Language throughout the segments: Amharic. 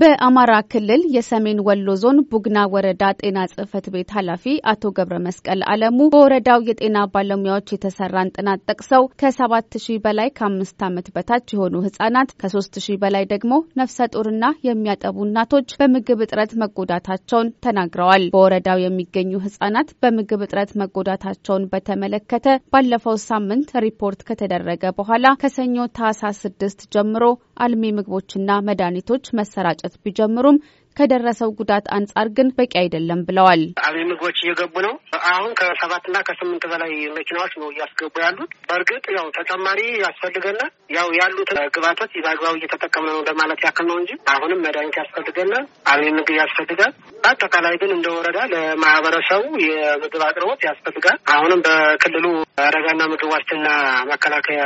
በአማራ ክልል የሰሜን ወሎ ዞን ቡግና ወረዳ ጤና ጽሕፈት ቤት ኃላፊ አቶ ገብረ መስቀል አለሙ በወረዳው የጤና ባለሙያዎች የተሰራን ጥናት ጠቅሰው ከሰባት ሺህ በላይ ከአምስት ዓመት በታች የሆኑ ህጻናት ከሶስት ሺህ በላይ ደግሞ ነፍሰ ጡርና የሚያጠቡ እናቶች በምግብ እጥረት መጎዳታቸውን ተናግረዋል። በወረዳው የሚገኙ ህጻናት በምግብ እጥረት መጎዳታቸውን በተመለከተ ባለፈው ሳምንት ሪፖርት ከተደረገ በኋላ ከሰኞ ታህሳስ ስድስት ጀምሮ አልሚ ምግቦችና መድኃኒቶች መሰራጨት ቢጀምሩም ከደረሰው ጉዳት አንጻር ግን በቂ አይደለም ብለዋል። አልሚ ምግቦች እየገቡ ነው። አሁን ከሰባትና ከስምንት በላይ መኪናዎች ነው እያስገቡ ያሉት። በእርግጥ ያው ተጨማሪ ያስፈልገናል። ያው ያሉት ግብዓቶች በአግባቡ እየተጠቀምን ነው ለማለት ያክል ነው እንጂ አሁንም መድኃኒት ያስፈልገናል፣ አልሚ ምግብ ያስፈልጋል። በአጠቃላይ ግን እንደ ወረዳ ለማህበረሰቡ የምግብ አቅርቦት ያስፈልጋል። አሁንም በክልሉ አደጋና ምግብ ዋስትና መከላከያ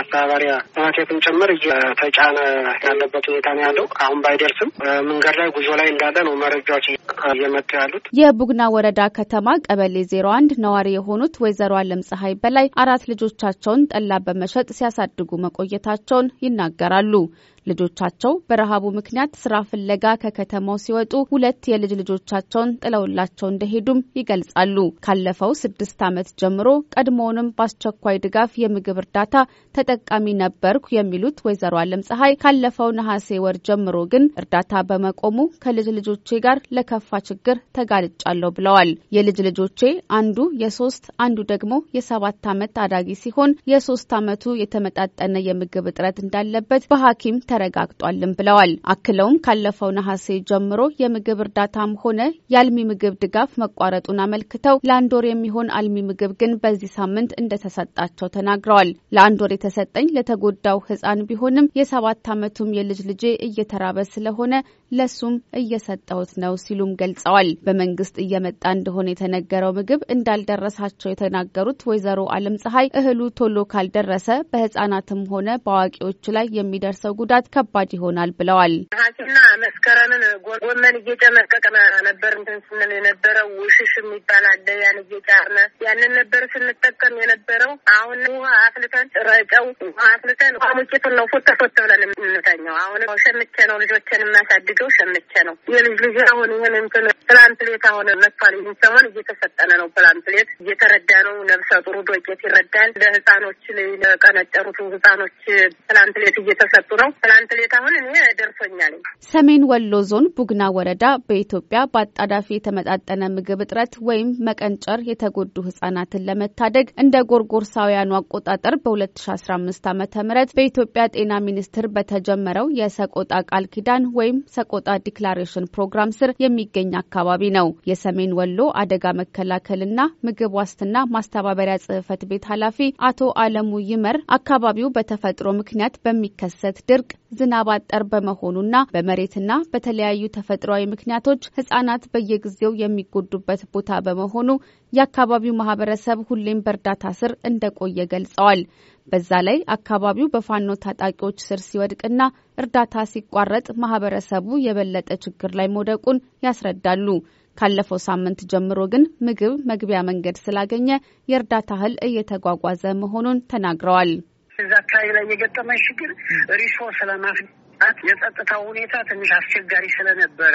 አስተባባሪያ ማቴክን ጭምር እየተጫነ ያለበት ሁኔታ ነው ያለው። አሁን ባይደርስም መንገድ ላይ ጉዞ ላይ እንዳለ ነው መረጃዎች እየመጡ ያሉት። የቡግና ወረዳ ከተማ ቀበሌ ዜሮ አንድ ነዋሪ የሆኑት ወይዘሮ አለም ፀሐይ በላይ አራት ልጆቻቸውን ጠላ በመሸጥ ሲያሳድጉ መቆየታቸውን ይናገራሉ። ልጆቻቸው በረሃቡ ምክንያት ስራ ፍለጋ ከከተማው ሲወጡ ሁለት የልጅ ልጆቻቸውን ጥለውላቸው እንደሄዱም ይገልጻሉ። ካለፈው ስድስት ዓመት ጀምሮ ቀድሞውንም በአስቸኳይ ድጋፍ የምግብ እርዳታ ተጠቃሚ ነበርኩ የሚሉት ወይዘሮ አለም ፀሐይ ካለፈው ነሐሴ ወር ጀምሮ ግን እርዳታ በመቆሙ ከልጅ ልጆቼ ጋር ለከፋ ችግር ተጋልጫለሁ ብለዋል። የልጅ ልጆቼ አንዱ የሶስት አንዱ ደግሞ የሰባት ዓመት ታዳጊ ሲሆን የሶስት ዓመቱ የተመጣጠነ የምግብ እጥረት እንዳለበት በሐኪም ተረጋግጧልም ብለዋል። አክለውም ካለፈው ነሐሴ ጀምሮ የምግብ እርዳታም ሆነ የአልሚ ምግብ ድጋፍ መቋረጡን አመልክተው ለአንድ ወር የሚሆን አልሚ ምግብ ግን በዚህ ሳምንት እንደተሰጣቸው ተናግረዋል። ለአንድ ወር የተሰጠኝ ለተጎዳው ሕፃን ቢሆንም የሰባት ዓመቱም የልጅ ልጄ እየተራበ ስለሆነ ለሱም እየሰጠሁት ነው ሲሉም ገልጸዋል። በመንግስት እየመጣ እንደሆነ የተነገረው ምግብ እንዳልደረሳቸው የተናገሩት ወይዘሮ አለም ፀሐይ እህሉ ቶሎ ካልደረሰ በህጻናትም ሆነ በአዋቂዎች ላይ የሚደርሰው ጉዳት ከባድ ይሆናል ብለዋል። ነሐሴና መስከረምን ጎመን እየጨመቀቅን ነበር እንትን ስንል የነበረው ውሽሽ የሚባል አለ። ያን እየጫርነ ያንን ነበር ስንጠቀም የነበረው። አሁን ውሃ አፍልተን ረጨው ውሃ አፍልተን ውሃ ነው ፎተ ብለን የምንተኘው። አሁን ሸምቼ ነው ልጆችን የማሳድገው ሸምቼ ነው የልጅ ልጅ አሁን ይህን እንትን ፕላንትሌት አሁን መጥቷል። ይህን ሰሞን እየተሰጠነ ነው። ፕላንትሌት እየተረዳ ነው። ነብሰ ጡር ዶቄት ይረዳል። ለህፃኖች ለቀነጨሩት ህፃኖች ፕላንትሌት እየተሰጡ ነው። ፕላንትሌት አሁን እኔ ደርሶኛል። ሰሜን ወሎ ዞን ቡግና ወረዳ በኢትዮጵያ በአጣዳፊ የተመጣጠነ ምግብ እጥረት ወይም መቀንጨር የተጎዱ ህጻናትን ለመታደግ እንደ ጎርጎርሳውያኑ አቆጣጠር በ2015 ዓ ም በኢትዮጵያ ጤና ሚኒስቴር በተጀመረው የሰቆጣ ቃል ኪዳን ወይም ሰቆጣ ዲክላሬሽን ፕሮግራም ስር የሚገኝ አካባቢ ነው። የሰሜን ወሎ አደጋ መከላከልና ምግብ ዋስትና ማስተባበሪያ ጽህፈት ቤት ኃላፊ አቶ አለሙ ይመር አካባቢው በተፈጥሮ ምክንያት በሚከሰት ድርቅ ዝናብ አጠር በመሆኑና በመሬትና በተለያዩ ተፈጥሯዊ ምክንያቶች ህጻናት በየጊዜው የሚጎዱበት ቦታ በመሆኑ የአካባቢው ማህበረሰብ ሁሌም በእርዳታ ስር እንደቆየ ገልጸዋል። በዛ ላይ አካባቢው በፋኖ ታጣቂዎች ስር ሲወድቅና እርዳታ ሲቋረጥ ማህበረሰቡ የበለጠ ችግር ላይ መውደቁን ያስረዳሉ። ካለፈው ሳምንት ጀምሮ ግን ምግብ መግቢያ መንገድ ስላገኘ የእርዳታ እህል እየተጓጓዘ መሆኑን ተናግረዋል። እዛ አካባቢ ላይ የገጠመን ችግር ሪሶርስ ለማፍ የጸጥታው ሁኔታ ትንሽ አስቸጋሪ ስለነበረ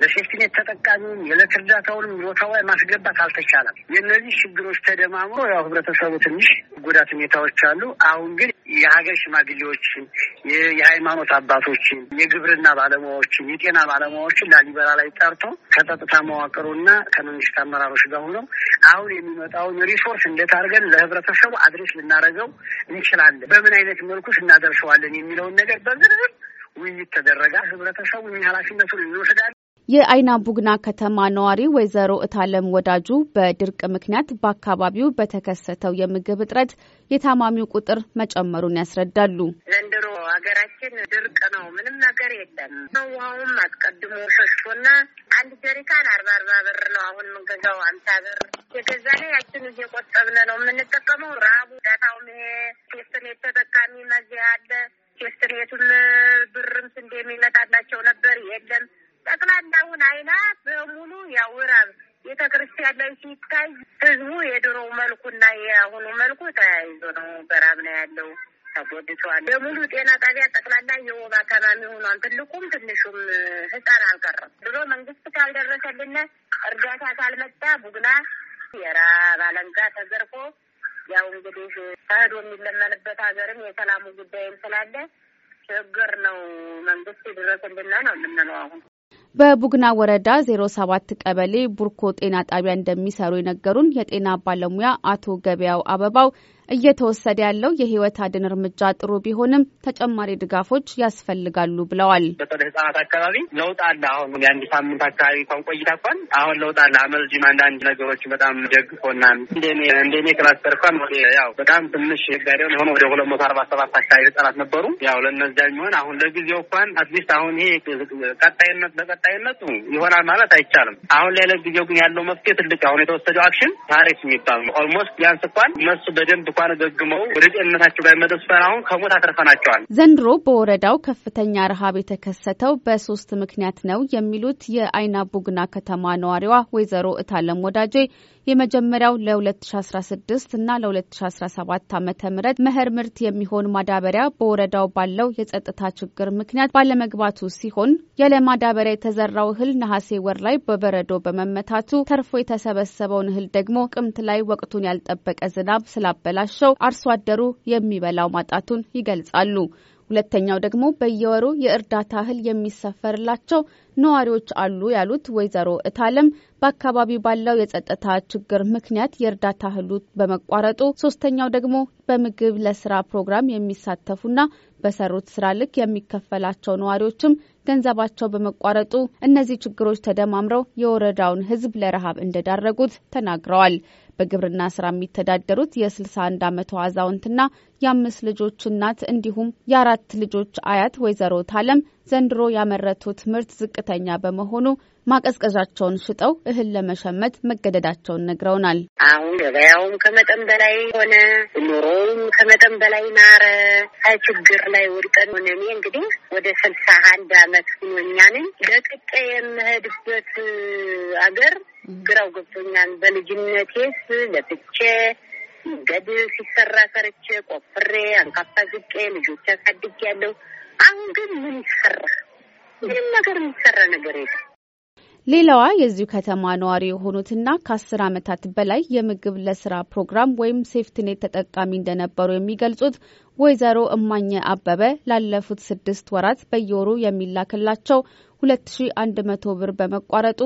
ለሴፍትኔት ተጠቃሚውም የዕለት እርዳታውንም ቦታው ላይ ማስገባት አልተቻለም። የእነዚህ ችግሮች ተደማምሮ ያው ህብረተሰቡ ትንሽ ጉዳት ሁኔታዎች አሉ። አሁን ግን የሀገር ሽማግሌዎችን፣ የሃይማኖት አባቶችን፣ የግብርና ባለሙያዎችን፣ የጤና ባለሙያዎችን ላሊበላ ላይ ጠርቶ ከጸጥታ መዋቅሩና ከመንግስት አመራሮች ጋር ሆነው አሁን የሚመጣውን ሪሶርስ እንዴት አድርገን ለህብረተሰቡ አድሬስ ልናደርገው እንችላለን፣ በምን አይነት መልኩ እናደርሰዋለን የሚለውን ነገር በዝርዝር ውይይት ተደረገ። ህብረተሰቡ ኃላፊነቱን ይወስዳል። የአይና ቡግና ከተማ ነዋሪ ወይዘሮ እታለም ወዳጁ በድርቅ ምክንያት በአካባቢው በተከሰተው የምግብ እጥረት የታማሚው ቁጥር መጨመሩን ያስረዳሉ። ዘንድሮ ሀገራችን ድርቅ ነው፣ ምንም ነገር የለም። ውሃውም አስቀድሞ ሸሽቶና አንድ ጀሪካን አርባ አርባ ብር ነው አሁን የምንገዛው አምሳ ብር የገዛ ላይ ያችን እየቆጠብን ነው የምንጠቀመው። ራቡ ዳታውም ይሄ ቴስትን የተጠቃሚ መዚያ አለ ቴስትሬቱም የለም ስንዴ የሚመጣላቸው ነበር የለም። ጠቅላላውን አይና በሙሉ ያውራብ ቤተ ክርስቲያን ላይ ሲታይ ህዝቡ የድሮ መልኩና የአሁኑ መልኩ ተያይዞ ነው። በራብ ነው ያለው። ተጎድቷል። የሙሉ ጤና ጣቢያ ጠቅላላ የወባ አካባቢ ሆኗል። ትልቁም ትንሹም ህፃን አልቀረም። ድሮ መንግስት ካልደረሰልን እርዳታ ካልመጣ ቡግና የራብ አለንጋ ተዘርፎ ያው እንግዲህ ተህዶ የሚለመንበት ሀገርም የሰላሙ ጉዳይም ስላለ ችግር ነው። መንግስት ድረስልና ነው የምንለው አሁን በቡግና ወረዳ ዜሮ ሰባት ቀበሌ ቡርኮ ጤና ጣቢያ እንደሚሰሩ የነገሩን የጤና ባለሙያ አቶ ገበያው አበባው እየተወሰደ ያለው የህይወት አድን እርምጃ ጥሩ ቢሆንም ተጨማሪ ድጋፎች ያስፈልጋሉ ብለዋል። በተለይ ህጻናት አካባቢ ለውጥ አለ። አሁን የአንድ ሳምንት አካባቢ እንኳን ቆይታ እንኳን አሁን ለውጥ አለ። አመልጂም አንዳንድ ነገሮች በጣም ደግፎና እንደኔ ክላስተር እንኳን ያው በጣም ትንሽ ጋዴውን የሆነ ወደ ሁለት መቶ አርባ ሰባት አካባቢ ህጻናት ነበሩ። ያው ለነዚያ የሚሆን አሁን ለጊዜው እንኳን አትሊስት አሁን ይሄ ቀጣይነት በቀጣይነቱ ይሆናል ማለት አይቻልም። አሁን ላይ ለጊዜው ግን ያለው መፍትሄ ትልቅ አሁን የተወሰደው አክሽን ታሪክ የሚባል ኦልሞስት ቢያንስ እንኳን እነሱ በደንብ እንኳን ገግመው ወደ ጤንነታቸው ባይመለሱ አሁን ከሞት አትርፈናቸዋል። ዘንድሮ በወረዳው ከፍተኛ ረሃብ የተከሰተው በሶስት ምክንያት ነው የሚሉት የአይና ቡግና ከተማ ነዋሪዋ ወይዘሮ እታለም ወዳጄ የመጀመሪያው ለ2016 እና ለ2017 ዓ ም መኸር ምርት የሚሆን ማዳበሪያ በወረዳው ባለው የጸጥታ ችግር ምክንያት ባለመግባቱ ሲሆን ያለ ማዳበሪያ የተዘራው እህል ነሐሴ ወር ላይ በበረዶ በመመታቱ ተርፎ የተሰበሰበውን እህል ደግሞ ቅምት ላይ ወቅቱን ያልጠበቀ ዝናብ ስላበላሸው አርሶ አደሩ የሚበላው ማጣቱን ይገልጻሉ። ሁለተኛው ደግሞ በየወሩ የእርዳታ እህል የሚሰፈርላቸው ነዋሪዎች አሉ ያሉት ወይዘሮ እታለም በአካባቢ ባለው የጸጥታ ችግር ምክንያት የእርዳታ እህሉ በመቋረጡ፣ ሶስተኛው ደግሞ በምግብ ለስራ ፕሮግራም የሚሳተፉና በሰሩት ስራ ልክ የሚከፈላቸው ነዋሪዎችም ገንዘባቸው በመቋረጡ እነዚህ ችግሮች ተደማምረው የወረዳውን ሕዝብ ለረሃብ እንደዳረጉት ተናግረዋል። በግብርና ስራ የሚተዳደሩት የ61 ዓመቷ አዛውንትና የአምስት ልጆች እናት እንዲሁም የአራት ልጆች አያት ወይዘሮ ታለም ዘንድሮ ያመረቱት ምርት ዝቅተኛ በመሆኑ ማቀዝቀዣቸውን ሽጠው እህል ለመሸመት መገደዳቸውን ነግረውናል። አሁን ገበያውም ከመጠን በላይ ሆነ፣ ኑሮውም ከመጠን በላይ ናረ። ከችግር ላይ ውድቀን ሆነ። እኔ እንግዲህ ወደ ስልሳ አንድ አመት ሆኖኛል። ለቅቄ የምሄድበት አገር ግራው ገብቶኛል። በልጅነቴስ ለፍቼ ገድ ሲሰራ ሰርቼ ቆፍሬ አንካፋ ዝቄ ልጆች አሳድጌ ያለው አሁን ግን ምን ይሰራ? ምንም ነገር የሚሰራ ነገር የለም። ሌላዋ የዚሁ ከተማ ነዋሪ የሆኑትና ከአስር ዓመታት በላይ የምግብ ለስራ ፕሮግራም ወይም ሴፍትኔት ተጠቃሚ እንደነበሩ የሚገልጹት ወይዘሮ እማኘ አበበ ላለፉት ስድስት ወራት በየወሩ የሚላክላቸው ሁለት ሺ አንድ መቶ ብር በመቋረጡ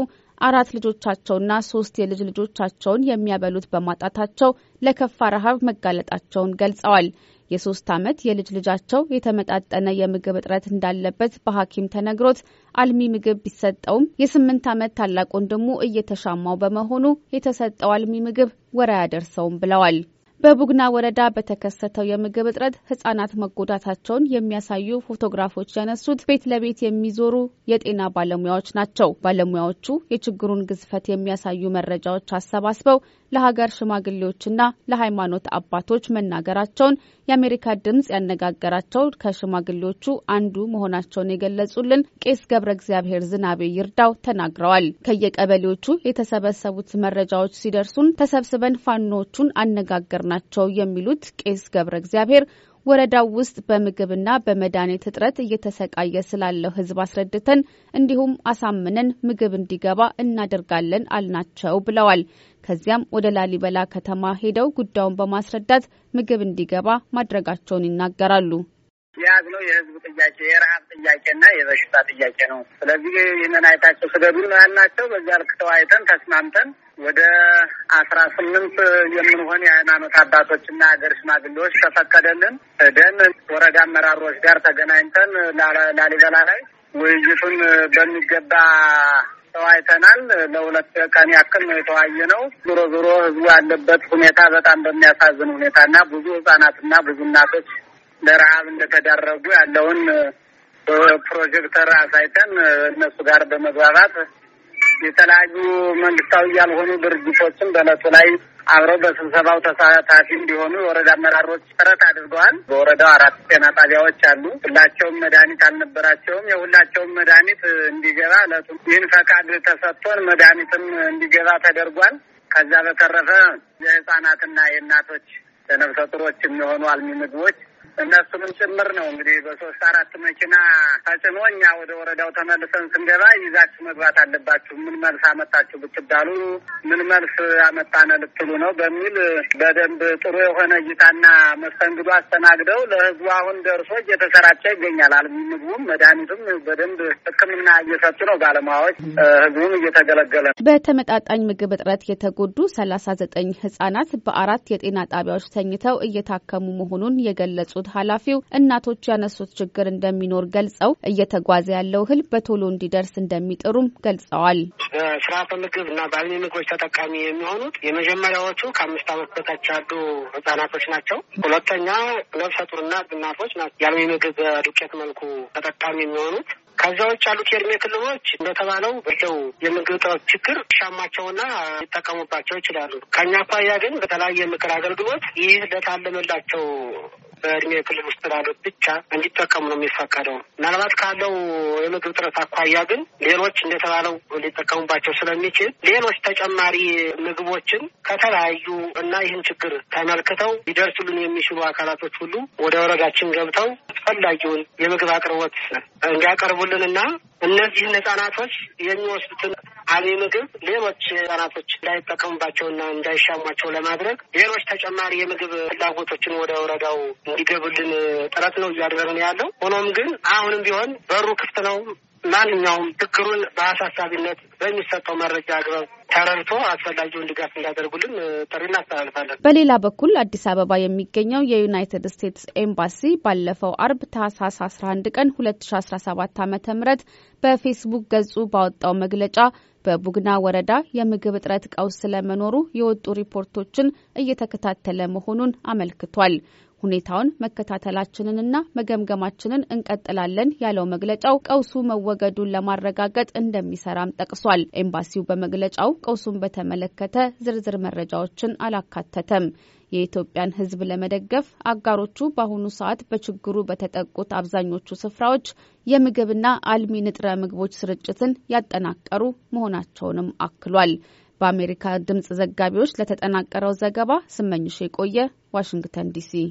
አራት ልጆቻቸውና ሶስት የልጅ ልጆቻቸውን የሚያበሉት በማጣታቸው ለከፋ ረሃብ መጋለጣቸውን ገልጸዋል። የሶስት ዓመት የልጅ ልጃቸው የተመጣጠነ የምግብ እጥረት እንዳለበት በሐኪም ተነግሮት አልሚ ምግብ ቢሰጠውም የስምንት ዓመት ታላቅ ወንድሙ እየተሻማው በመሆኑ የተሰጠው አልሚ ምግብ ወር አያደርሰውም ብለዋል። በቡግና ወረዳ በተከሰተው የምግብ እጥረት ህጻናት መጎዳታቸውን የሚያሳዩ ፎቶግራፎች ያነሱት ቤት ለቤት የሚዞሩ የጤና ባለሙያዎች ናቸው። ባለሙያዎቹ የችግሩን ግዝፈት የሚያሳዩ መረጃዎች አሰባስበው ለሀገር ሽማግሌዎችና ለሃይማኖት አባቶች መናገራቸውን የአሜሪካ ድምጽ ያነጋገራቸው ከሽማግሌዎቹ አንዱ መሆናቸውን የገለጹልን ቄስ ገብረ እግዚአብሔር ዝናቤ ይርዳው ተናግረዋል። ከየቀበሌዎቹ የተሰበሰቡት መረጃዎች ሲደርሱን ተሰብስበን ፋኖዎቹን አነጋገር ናቸው የሚሉት ቄስ ገብረ እግዚአብሔር ወረዳው ውስጥ በምግብና በመድኃኒት እጥረት እየተሰቃየ ስላለው ሕዝብ አስረድተን እንዲሁም አሳምነን ምግብ እንዲገባ እናደርጋለን አልናቸው ብለዋል። ከዚያም ወደ ላሊበላ ከተማ ሄደው ጉዳዩን በማስረዳት ምግብ እንዲገባ ማድረጋቸውን ይናገራሉ። የያዝነው የህዝብ ጥያቄ የረሀብ ጥያቄና የበሽታ ጥያቄ ነው። ስለዚህ ይህንን አይታቸው ስገዱ ነው ያልናቸው። በዚያ ልክ ተስማምተን ወደ አስራ ስምንት የምንሆን የሃይማኖት አባቶችና ሀገር ሽማግሌዎች ተፈቀደልን። ደን ወረዳ አመራሮች ጋር ተገናኝተን ላሊበላ ላይ ውይይቱን በሚገባ ተወያይተናል። ለሁለት ቀን ያክል ነው የተዋየ ነው። ዞሮ ዞሮ ህዝቡ ያለበት ሁኔታ በጣም በሚያሳዝን ሁኔታና ብዙ ህጻናትና ብዙ እናቶች ለረሀብ እንደተዳረጉ ያለውን ፕሮጀክተር አሳይተን እነሱ ጋር በመግባባት የተለያዩ መንግስታዊ ያልሆኑ ድርጅቶችን በእለቱ ላይ አብረው በስብሰባው ተሳታፊ እንዲሆኑ የወረዳ አመራሮች ጥረት አድርገዋል። በወረዳው አራት ጤና ጣቢያዎች አሉ። ሁላቸውም መድኃኒት አልነበራቸውም። የሁላቸውም መድኃኒት እንዲገባ እለቱ ይህን ፈቃድ ተሰጥቶን መድኃኒትም እንዲገባ ተደርጓል። ከዛ በተረፈ የህጻናትና የእናቶች ለነፍሰ ጡሮች የሚሆኑ አልሚ ምግቦች እነሱንም ጭምር ነው እንግዲህ በሶስት አራት መኪና ተጭኖ እኛ ወደ ወረዳው ተመልሰን ስንገባ ይዛችሁ መግባት አለባችሁ፣ ምን መልስ አመጣችሁ ብትባሉ ምን መልስ አመጣነ ልትሉ ነው በሚል በደንብ ጥሩ የሆነ እይታና መስተንግዶ አስተናግደው ለህዝቡ አሁን ደርሶ እየተሰራጨ ይገኛል። አልሚ ምግቡም መድኃኒቱም በደንብ ሕክምና እየሰጡ ነው ባለሙያዎች፣ ህዝቡም እየተገለገለ ነው። በተመጣጣኝ ምግብ እጥረት የተጎዱ ሰላሳ ዘጠኝ ህጻናት በአራት የጤና ጣቢያዎች ተኝተው እየታከሙ መሆኑን የገለጹት የሚሰጡት ኃላፊው እናቶች ያነሱት ችግር እንደሚኖር ገልጸው እየተጓዘ ያለው እህል በቶሎ እንዲደርስ እንደሚጥሩም ገልጸዋል። በስርዓተ ምግብ እና በአልሚ ምግቦች ተጠቃሚ የሚሆኑት የመጀመሪያዎቹ ከአምስት ዓመት በታች ያሉ ህጻናቶች ናቸው። ሁለተኛ ነፍሰ ጡርና እናቶች ናቸው የአልሚ ምግብ ዱቄት መልኩ ተጠቃሚ የሚሆኑት። ከዛ ውጭ ያሉት የእድሜ ክልሎች እንደተባለው በለው የምግብ እጥረት ችግር ሻማቸውና ሊጠቀሙባቸው ይችላሉ። ከእኛ አኳያ ግን በተለያየ ምክር አገልግሎት ይህ ለታለመላቸው በእድሜ ክልል ውስጥ ላሉት ብቻ እንዲጠቀሙ ነው የሚፈቀደው። ምናልባት ካለው የምግብ ጥረት አኳያ ግን ሌሎች እንደተባለው ሊጠቀሙባቸው ስለሚችል ሌሎች ተጨማሪ ምግቦችን ከተለያዩ እና ይህን ችግር ተመልክተው ሊደርሱልን የሚችሉ አካላቶች ሁሉ ወደ ወረዳችን ገብተው አስፈላጊውን የምግብ አቅርቦት እንዲያቀርቡልንና እነዚህን ህጻናቶች የሚወስዱትን ባህላዊ ምግብ ሌሎች ህጻናቶች እንዳይጠቀሙባቸውና እንዳይሻሟቸው ለማድረግ ሌሎች ተጨማሪ የምግብ ፍላጎቶችን ወደ ወረዳው እንዲገቡልን ጥረት ነው እያደረግን ያለው። ሆኖም ግን አሁንም ቢሆን በሩ ክፍት ነው። ማንኛውም ችግሩን በአሳሳቢነት በሚሰጠው መረጃ አግባብ ተረድቶ አስፈላጊውን ድጋፍ እንዲያደርጉልን ጥሪ እናስተላልፋለን። በሌላ በኩል አዲስ አበባ የሚገኘው የዩናይትድ ስቴትስ ኤምባሲ ባለፈው አርብ ታህሳስ 11 ቀን 2017 ዓ ም በፌስቡክ ገጹ ባወጣው መግለጫ በቡግና ወረዳ የምግብ እጥረት ቀውስ ስለመኖሩ የወጡ ሪፖርቶችን እየተከታተለ መሆኑን አመልክቷል። ሁኔታውን መከታተላችንንና መገምገማችንን እንቀጥላለን ያለው መግለጫው ቀውሱ መወገዱን ለማረጋገጥ እንደሚሰራም ጠቅሷል። ኤምባሲው በመግለጫው ቀውሱን በተመለከተ ዝርዝር መረጃዎችን አላካተተም። የኢትዮጵያን ሕዝብ ለመደገፍ አጋሮቹ በአሁኑ ሰዓት በችግሩ በተጠቁት አብዛኞቹ ስፍራዎች የምግብና አልሚ ንጥረ ምግቦች ስርጭትን ያጠናቀሩ መሆናቸውንም አክሏል። በአሜሪካ ድምጽ ዘጋቢዎች ለተጠናቀረው ዘገባ ስመኝሽ የቆየ ዋሽንግተን ዲሲ